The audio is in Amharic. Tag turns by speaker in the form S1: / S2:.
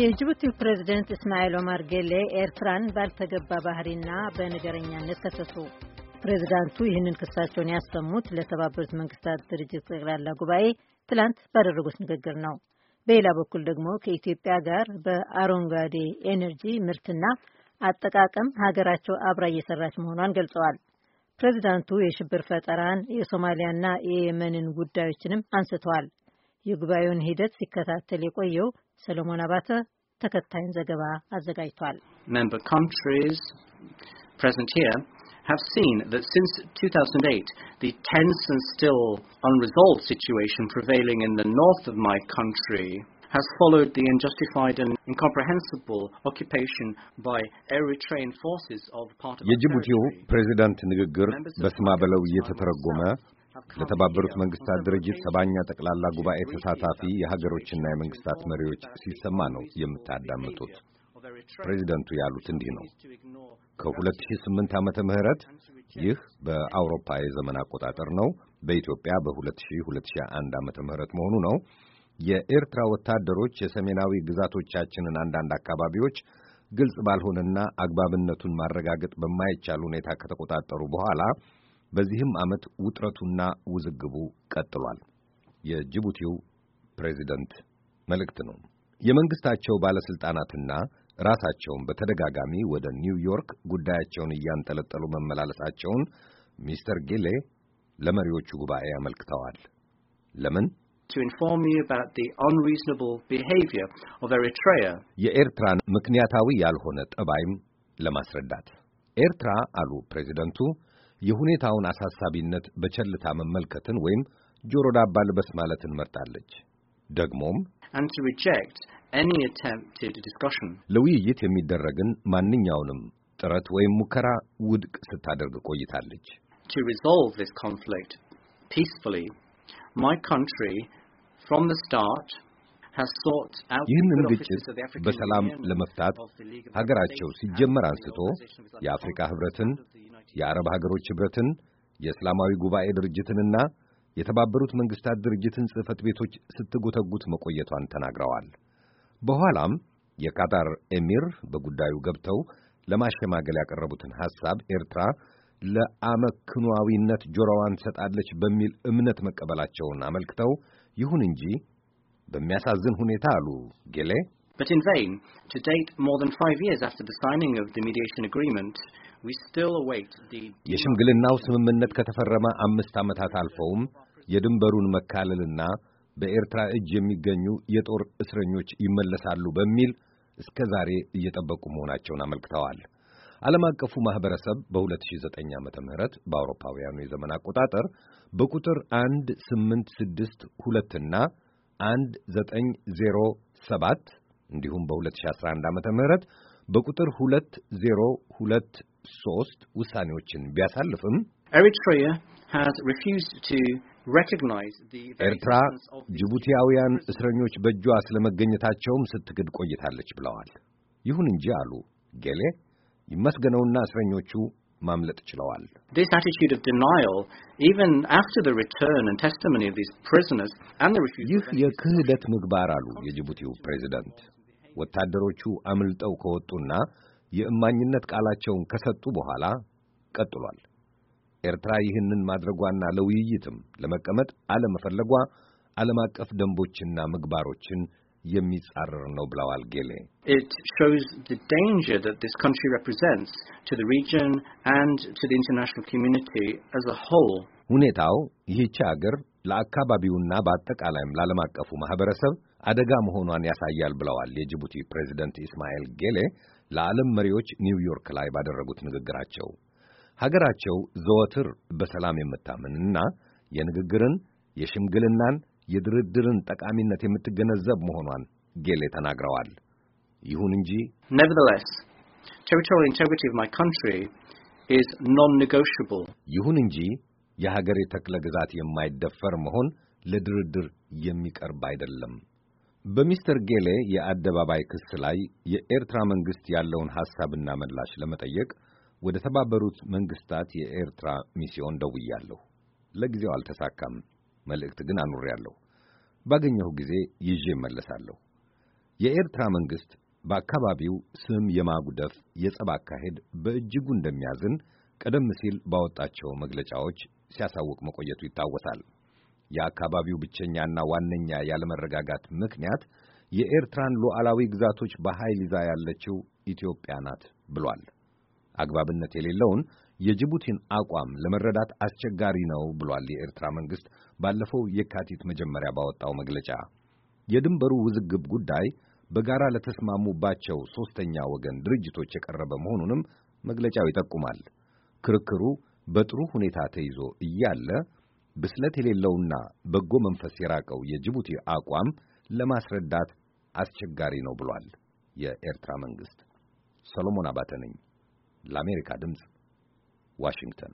S1: የጅቡቲው ፕሬዝደንት እስማኤል ኦማር ጌሌ ኤርትራን ባልተገባ ባህሪና በነገረኛነት ከሰሱ። ፕሬዝዳንቱ ይህንን ክሳቸውን ያሰሙት ለተባበሩት መንግስታት ድርጅት ጠቅላላ ጉባኤ ትላንት ባደረጉት ንግግር ነው። በሌላ በኩል ደግሞ ከኢትዮጵያ ጋር በአረንጓዴ ኤነርጂ ምርትና አጠቃቀም ሀገራቸው አብራ እየሰራች መሆኗን ገልጸዋል። ፕሬዚዳንቱ የሽብር ፈጠራን የሶማሊያና የየመንን ጉዳዮችንም አንስተዋል። የጉባኤውን ሂደት ሲከታተል የቆየው ሰለሞን አባተ ዘገባ አዘጋጅቷል።
S2: Member countries present here have seen that since 2008 the tense and still unresolved situation prevailing in the north of my country has followed the unjustified and incomprehensible occupation by Eritrean forces of part of የጅቡቲው
S1: ፕሬዝዳንት ንግግር በስማ በለው እየተተረጎመ ለተባበሩት መንግስታት ድርጅት ሰባኛ ጠቅላላ ጉባኤ ተሳታፊ የሀገሮችና የመንግስታት መሪዎች ሲሰማ ነው የምታዳምጡት። ፕሬዚደንቱ ያሉት እንዲህ ነው። ከ2008 ዓመተ ምህረት ይህ በአውሮፓ የዘመን አቆጣጠር ነው። በኢትዮጵያ በ2000 2001 ዓመተ ምህረት መሆኑ ነው። የኤርትራ ወታደሮች የሰሜናዊ ግዛቶቻችንን አንዳንድ አካባቢዎች ግልጽ ባልሆነና አግባብነቱን ማረጋገጥ በማይቻል ሁኔታ ከተቆጣጠሩ በኋላ በዚህም ዓመት ውጥረቱና ውዝግቡ ቀጥሏል። የጅቡቲው ፕሬዚደንት መልእክት ነው። የመንግስታቸው ባለስልጣናትና ራሳቸውን በተደጋጋሚ ወደ ኒውዮርክ ጉዳያቸውን እያንጠለጠሉ መመላለሳቸውን ሚስተር ጌሌ ለመሪዎቹ ጉባኤ አመልክተዋል። ለምን?
S2: to inform you about the unreasonable
S1: behavior of Eritrea. የኤርትራን ምክንያታዊ ያልሆነ ጠባይም ለማስረዳት ኤርትራ አሉ ፕሬዚደንቱ የሁኔታውን አሳሳቢነት በቸልታ መመልከትን ወይም ጆሮ ዳባ ልበስ ማለትን መርጣለች። ደግሞም
S2: and to reject any attempted discussion
S1: ለውይይት የሚደረግን ማንኛውንም ጥረት ወይም ሙከራ ውድቅ ስታደርግ ቆይታለች።
S2: to resolve this conflict peacefully my country ይህንን ግጭት በሰላም ለመፍታት ሀገራቸው
S1: ሲጀመር አንስቶ የአፍሪካ ህብረትን፣ የአረብ ሀገሮች ህብረትን፣ የእስላማዊ ጉባኤ ድርጅትንና የተባበሩት መንግስታት ድርጅትን ጽሕፈት ቤቶች ስትጎተጉት መቆየቷን ተናግረዋል። በኋላም የካታር ኤሚር በጉዳዩ ገብተው ለማሸማገል ያቀረቡትን ሐሳብ ኤርትራ ለአመክኗዊነት ጆሮዋን ትሰጣለች በሚል እምነት መቀበላቸውን አመልክተው ይሁን እንጂ በሚያሳዝን ሁኔታ አሉ ጌሌ
S2: But in vain, to date, more than five years after the signing of the mediation agreement, we still await the...
S1: የሽምግልናው ስምምነት ከተፈረመ አምስት ዓመታት አልፈውም የድንበሩን መካለልና በኤርትራ እጅ የሚገኙ የጦር እስረኞች ይመለሳሉ በሚል እስከ ዛሬ እየጠበቁ መሆናቸውን አመልክተዋል። ዓለም አቀፉ ማህበረሰብ በ2009 ዓ.ም በአውሮፓውያኑ የዘመን አቆጣጠር በቁጥር 1862 እና 1907 እንዲሁም በ2011 ዓ.ም በቁጥር 2023 ውሳኔዎችን ቢያሳልፍም
S2: ኤሪትሪያ has refused to ኤርትራ
S1: ጅቡቲያውያን እስረኞች በእጇ ስለመገኘታቸውም ስትክድ ቆይታለች ብለዋል። ይሁን እንጂ አሉ ጌሌ ይመስገነውና እስረኞቹ ማምለጥ ችለዋል። ይህ የክህደት ምግባር አሉ የጅቡቲው ፕሬዚዳንት ወታደሮቹ አምልጠው ከወጡና የእማኝነት ቃላቸውን ከሰጡ በኋላ ቀጥሏል። ኤርትራ ይህንን ማድረጓና ለውይይትም ለመቀመጥ አለመፈለጓ ዓለም አቀፍ ደንቦችና ምግባሮችን የሚጻረር ነው ብለዋል ጌሌ።
S2: It shows the danger that this country represents to the region and to the international community as a whole.
S1: ሁኔታው ይህች አገር ለአካባቢውና በአጠቃላይም ለዓለም አቀፉ ማህበረሰብ አደጋ መሆኗን ያሳያል ብለዋል የጅቡቲ ፕሬዚደንት ኢስማኤል ጌሌ ለዓለም መሪዎች ኒውዮርክ ላይ ባደረጉት ንግግራቸው። ሀገራቸው ዘወትር በሰላም የምታምንና የንግግርን፣ የሽምግልናን የድርድርን ጠቃሚነት የምትገነዘብ መሆኗን ጌሌ ተናግረዋል። ይሁን እንጂ
S2: nevertheless territorial integrity of my country is non-negotiable
S1: ይሁን እንጂ የሀገሬ ተክለ ግዛት የማይደፈር መሆን ለድርድር የሚቀርብ አይደለም። በሚስተር ጌሌ የአደባባይ ክስ ላይ የኤርትራ መንግስት ያለውን ሐሳብና ምላሽ ለመጠየቅ ወደ ተባበሩት መንግስታት የኤርትራ ሚስዮን ደውያለሁ። ለጊዜው አልተሳካም። መልእክት ግን አኑሬያለሁ። ባገኘሁ ጊዜ ይዤ እመለሳለሁ። የኤርትራ መንግሥት በአካባቢው ስም የማጉደፍ የጸብ አካሄድ በእጅጉ እንደሚያዝን ቀደም ሲል ባወጣቸው መግለጫዎች ሲያሳውቅ መቆየቱ ይታወሳል። የአካባቢው ብቸኛና ዋነኛ ያለመረጋጋት ምክንያት የኤርትራን ሉዓላዊ ግዛቶች በኃይል ይዛ ያለችው ኢትዮጵያ ናት ብሏል። አግባብነት የሌለውን የጅቡቲን አቋም ለመረዳት አስቸጋሪ ነው ብሏል። የኤርትራ መንግስት ባለፈው የካቲት መጀመሪያ ባወጣው መግለጫ የድንበሩ ውዝግብ ጉዳይ በጋራ ለተስማሙባቸው ሦስተኛ ወገን ድርጅቶች የቀረበ መሆኑንም መግለጫው ይጠቁማል። ክርክሩ በጥሩ ሁኔታ ተይዞ እያለ ብስለት የሌለውና በጎ መንፈስ የራቀው የጅቡቲ አቋም ለማስረዳት አስቸጋሪ ነው ብሏል የኤርትራ መንግስት ሰሎሞን አባተ ነኝ። ለአሜሪካ ድምፅ ዋሽንግተን